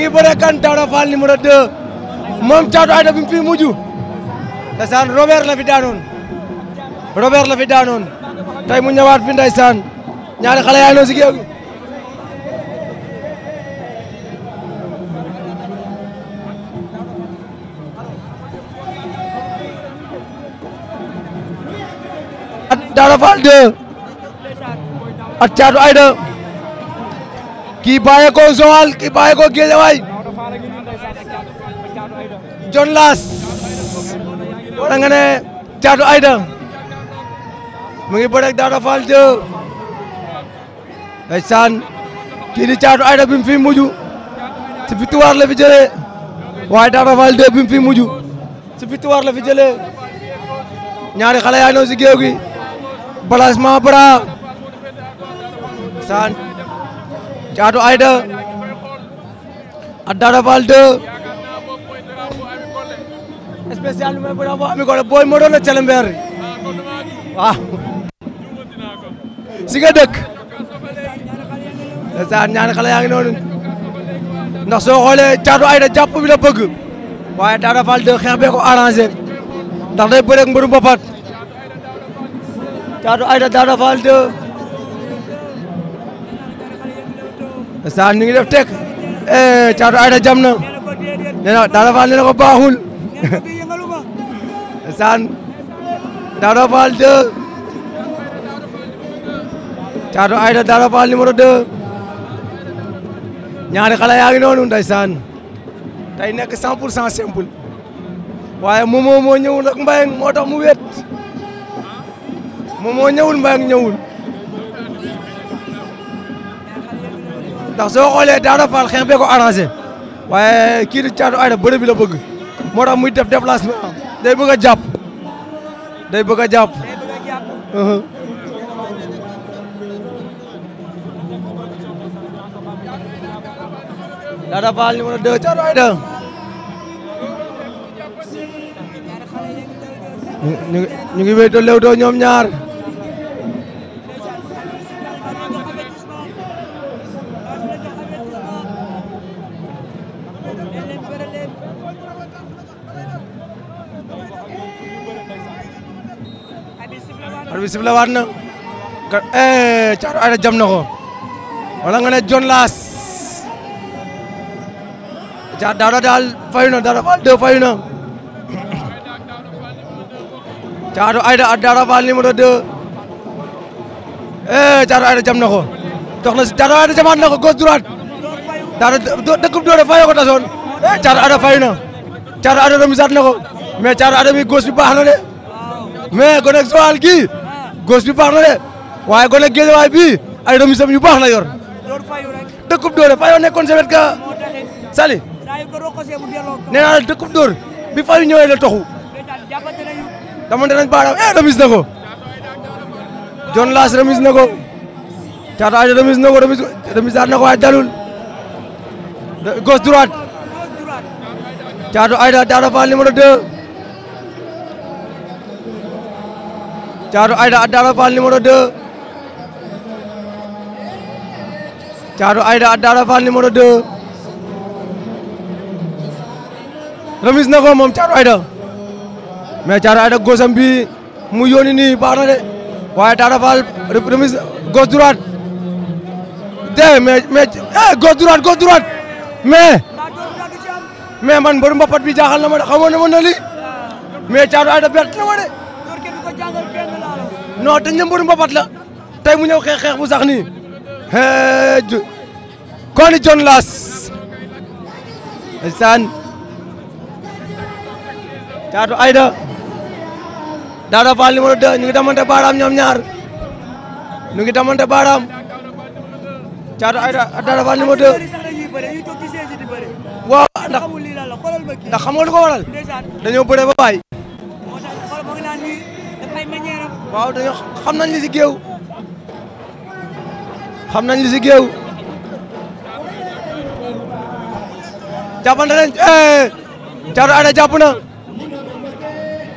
mi ngi bëre kan Daouda Fall numéro 2 moom Thiatou Aïda bi mu fi mujj ndeysaan Robert la fi daanoon Robert la fi daanoon tey mu ñëwaat fi ndeysaan ñaari xale yaa ngi si géew Daouda Fall 2 ak Thiatou Aïda kii bàyyi ko Joal kii bàyyi ko Géejawaay John Lass wala nga ne Thiatou Aïda mu ngi bëreeg Daouda Fall jë ndeysaan kii di Thiatou Aïda bi mu fi mujj ci victoire la fi jëlee waaye Daouda Fall jë bi mu fi mujj ci victoire la fi jëlee ñaari xale yaa ñëw si géew gi balancement bras saan Thiatou Aida ak Dada Fall 2 spécial booy ma doon la si nga dëkk ndeysaan ñaari xale yaa ngi noonu ndax soo xoolee Thiatou Aida jàpp bi la bëgg waaye a Fall 2 xeex bee ko arrangé ndax day bëreeg mbëru mbapat Thiatou Aida Dada Fall 2 saan ñu ngi def tek eh caatu ayda jam na nee na Daouda Fall nee baaxul saan Daouda Fall 2 caatu ayda Daouda Fall numéro 2 ñaari xale yaa ngi noonu saan tey nekk 100 pour cent simple waaye moom moo ñëwul ak Mbayang moo tax mu wet moom moo ñëwul Mbayang ñëwul ndax soo xoolee Daouda Fall xeex bee ko arrangé waaye kii di Thiatou Aida bëre bi la bëgg moo tax muy def déplacement day bëgg a jàpp day bëgg a jàpp. Uh-huh. Daouda Fall numéro 2 Thiatou Aida. ñu ngi ñu ngi wéy ñoom ñaar. ar bi sifla waat na eh, Thiatou Aida jam na ko ne John Laas Thiatou Daouda daal fayu na Daouda Fall 2 fayu na Thiatou Aida ak Daouda Fall numéro 2 eh, Thiatou Aida jam na ko dox na si tasoon eh, Thiatou Aida fayu na Thiatou Aida remisaat na ko mi gauche bi baax na mais gone Joal gi gos bi baax na de waaye gone Guédiawaye bi ay remise yu baax na yor dëkkub dóor fayoo nekkoon sa wet ka sali nee naa la dëkkub dóor bi fayu ñëwee la toxu damante nañ baaraam eh remise na ko John Lass remise na ko Caata Aja remise na ko remise daal na ko waaye dalul gos droite Caata Aja daal dafa numéro 2 Thiatou Aïda ak Dara Fall numéro 2 na ko moom Thiatou Aïda mais Thiatou Aïda mu yónni nii baax na de waaye Dara Fall remise gauche droite de mais mais eh gauche droite gauche droite man mbaru mbapat bi jaaxal na ma de xamoon na ma na li mais Thiatou Aïda non dañ ne mbëru mbapat la tey mu ñëw xeex xeex bu sax nii kooni John Lass saan Caatu Ayda Daouda Fall numéro 2 ñu ngi damante baaraam ñoom ñaar ñu ngi damante baaraam Caatu Ayda Daouda Fall numéro 2 waaw ndax ndax xam nga lu ko waral dañoo bëre ba bàyyi waaw dañoo xam nañ li si géew xam nañ li si géew jàppante nañ eh, Thiatou Aida jàpp na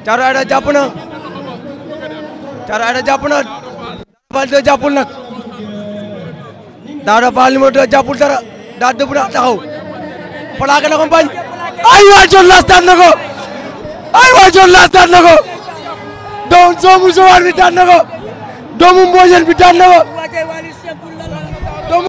Thiatou Aida jàpp na Thiatou Aida jàpp na Daouda Fall de dara daa dëbb na taxaw plaqué na ko ay waa John Lass na ko ay waa John Lass na ko doomu soobu sowaar bi daan na ko doomu mboojen bi daan na ko